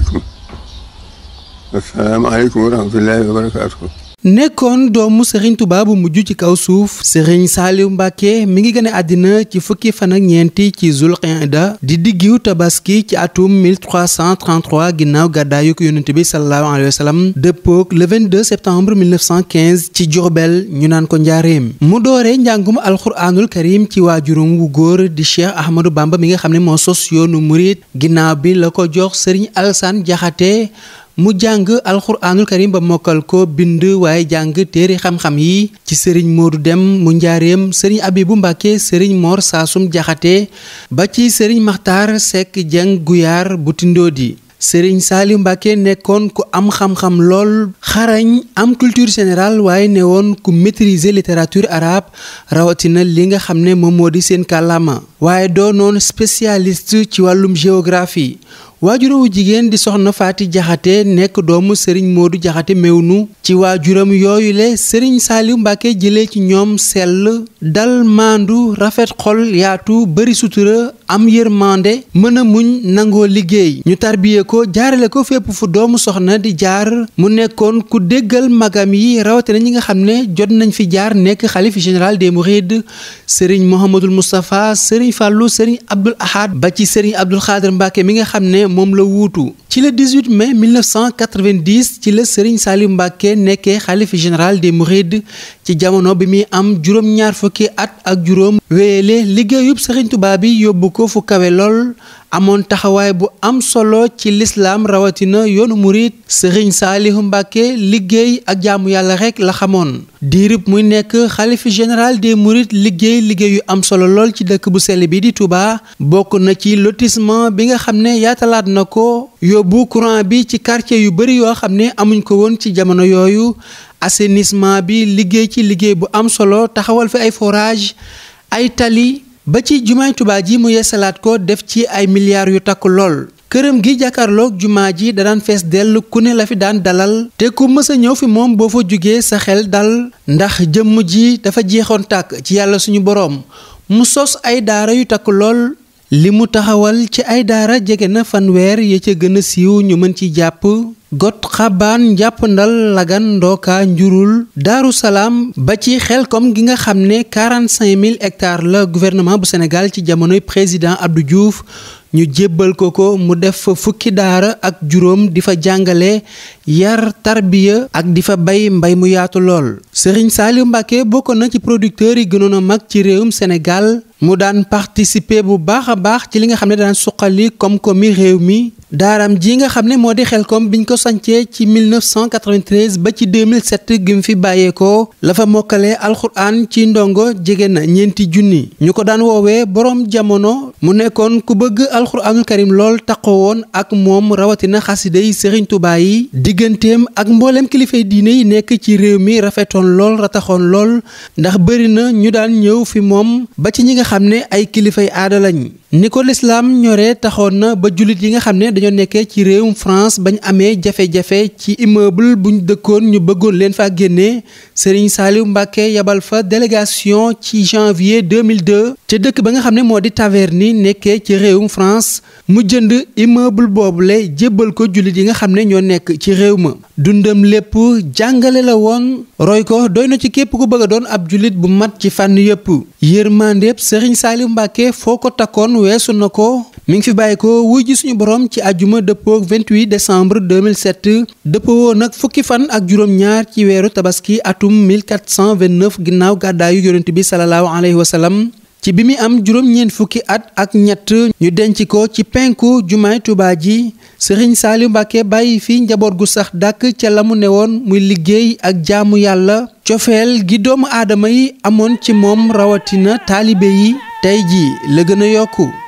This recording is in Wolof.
asalaamaaleykum asalaamaaleykum wa rahmatullahi wa barakaatu nekkoon doomu Serigne Touba bu mujj ci kaw suuf Serigne Saliou Mbacke mi ngi gën àddina ci fukki fan ak ñeenti ci Zulqinda di diggiw tabaski ci atum 1333 ginnaaw gàddaayuk yonent bi sallallahu alayhi wa sallam dëppook le 22 septembre 1915 ci Diourbel ñu naan ko njaareem mu doore njàngum alxuraanul karim ci waajurum wu góor di Cheikh Ahmadou Bamba mi nga xam ne moo sos yoonu murit ginnaaw bi la ko jox Serigne Alassane Diakhaté mu jàng alxuraanul karim ba mokkal ko bind waaye jàng téere xam-xam yi ci sëriñ Modou Dem mu njaareem sëriñ Abibu Mbàkke sëriñ Mor Saasum Jaxate ba ci sëriñ Maxtaar Sekk Jeng Guyaar bu di sëriñ Saaliw Mbàkke nekkoon ku am xam-xam lool xarañ am culture générale waaye ne woon ku maîtriser littérature arabe rawatina li nga xam ne moom moo di seen kàllaama waaye doonoon spécialiste ci wàllum géographie waajurawu jigéen di soxna faati jaxate nekk doomu sëriñ moodu jaxate nu ci waajuram yooyu le sëriñ saaliw mbàkke jëlee ci ñoom sell dal maandu rafet xol yaatu bari sutura am yërmande mën a muñ nangoo liggéey ñu tarbiye ko jaarale ko fépp fu doomu soxna di jaar mu nekkoon ku déggal magam yi rawatina ñi nga xam ne jot nañ fi jaar nekk xalif général des mourides sëriñ mohamadul moustapha sëriñ fàllu sëriñ abdul ahad ba ci sëriñ abdul xaadir mbàkke mi nga xam ne moom la wuutu ci le 18 mai 1990 ci la Serigne Saliou Mbacké nekkee xalif général des Mourides ci jamono bi muy am juróom-ñaar fukki at ak juróom wéyale liggéeyub Serigne tubaab bi yóbbu ko fu kawe lool amoon taxawaay bu am solo ci lislaam rawatina yoonu murit Serigne Saalihu Mbàkke liggéey ak jaamu yàlla rekk la xamoon diirib muy nekk xalifi général de murit liggéey liggéey yu am solo lool ci dëkk bu sell bi di Touba bokk na ci lotissement bi nga xam ne yaatalaat na ko yóbbu courant bi ci quartier yu bari yoo xam ne amuñ ko woon ci jamono yooyu assainissement bi liggéey ci liggéey bu am solo taxawal fi ay forage ay tali ba ci jumaay Tuubaa ji mu yesalaat ko def ci ay milliards yu takk lool këram gi jàkkaarloog jumaa ji da daan fees dell ku ne la fi daan dalal te ku mës a ñëw fi moom boo fa jugee sa xel dal ndax jëmm ji dafa jeexoon tàkk ci yàlla suñu boroom mu sos ay daara yu takk lool li mu taxawal ci ay daara jege na fanweer ya ca gën a siiw ñu mën ci jàpp got xabaan njàppandal lagan ndooka njurul daaru salaam ba ci xel xelkom gi nga xam ne 45000 hectares la gouvernement bu Sénégal ci jamonoy président Abdou Diouf ñu jébbal ko ko mu def fa fukki daara ak juróom di fa jàngale yar tarbiya ak di fa bay mbay mu yaatu lool Serigne Saliou Mbacké bokk na ci producteurs yi gënoon a mag ci réewum Sénégal mu daan participer bu baax a baax ci li nga xam ne daan suqali koom-koomi réew mi daaram ji nga xam ne moo di Xelkom biñ ko sàncee ci 1993 ba ci 2007 gi mu fi bàyyeekoo la fa mokkalee alxuraan ci ndongo jege na ñeenti junni ñu ko daan woowee boroom jamono mu nekkoon ku bëgg alxuraanul karim lool taqoo woon ak moom rawatina xasida yi sëriñ tubaa digganteem ak mbooleem kilifay diine yi nekk ci réew mi rafetoon lool rataxoon lool ndax bëri na ñu daan ñëw fi moom ba ci ñi nga xam ne ay kilifay aada lañ ni ko lislaam ñoree taxoon na ba jullit yi nga xam ne dañoo nekkee ci réewum France bañ amee jafe-jafe ci immeuble ñu dëkkoon ñu bëggoon leen faa génnee Serigne Saliou Mbacké yebal fa délégation ci janvier 2002 te dëkk ba nga xam ne moo di Taverny nekkee ci réewum France mu jënd boobu boobule jébbal ko jullit yi nga xam ne ñoo nekk ci réew ma dundam lépp jàngale la woon roy ko doy na ci képp ku bëgg doon ab jullit bu mat ci fànn yépp yërmandeeb Serigne Saliou Mbacké foo ko takkoon weesu na ko mi ngi fi bàyyi ko wuy ji suñu borom ci ajuma dëppook 28 décembre 2007 dëppoo nag fukki fan ak juróom-ñaar ci weeru tabaski atum 1429 ginnaaw gàddaayu yonent bi sallallahu alayhi wa sallam ci bi muy am juróom-ñeent fukki at ak ñett ñu denc ko ci penku jumaay Tuubaa ji Sëriñ Saaliw Mbàkke bàyyi fi njaboot gu sax dàkk ca la mu woon muy liggéey ak jaamu yàlla cofeel gi doomu aadama yi amoon ci moom rawatina taalibe yi tey ji la gën a yokku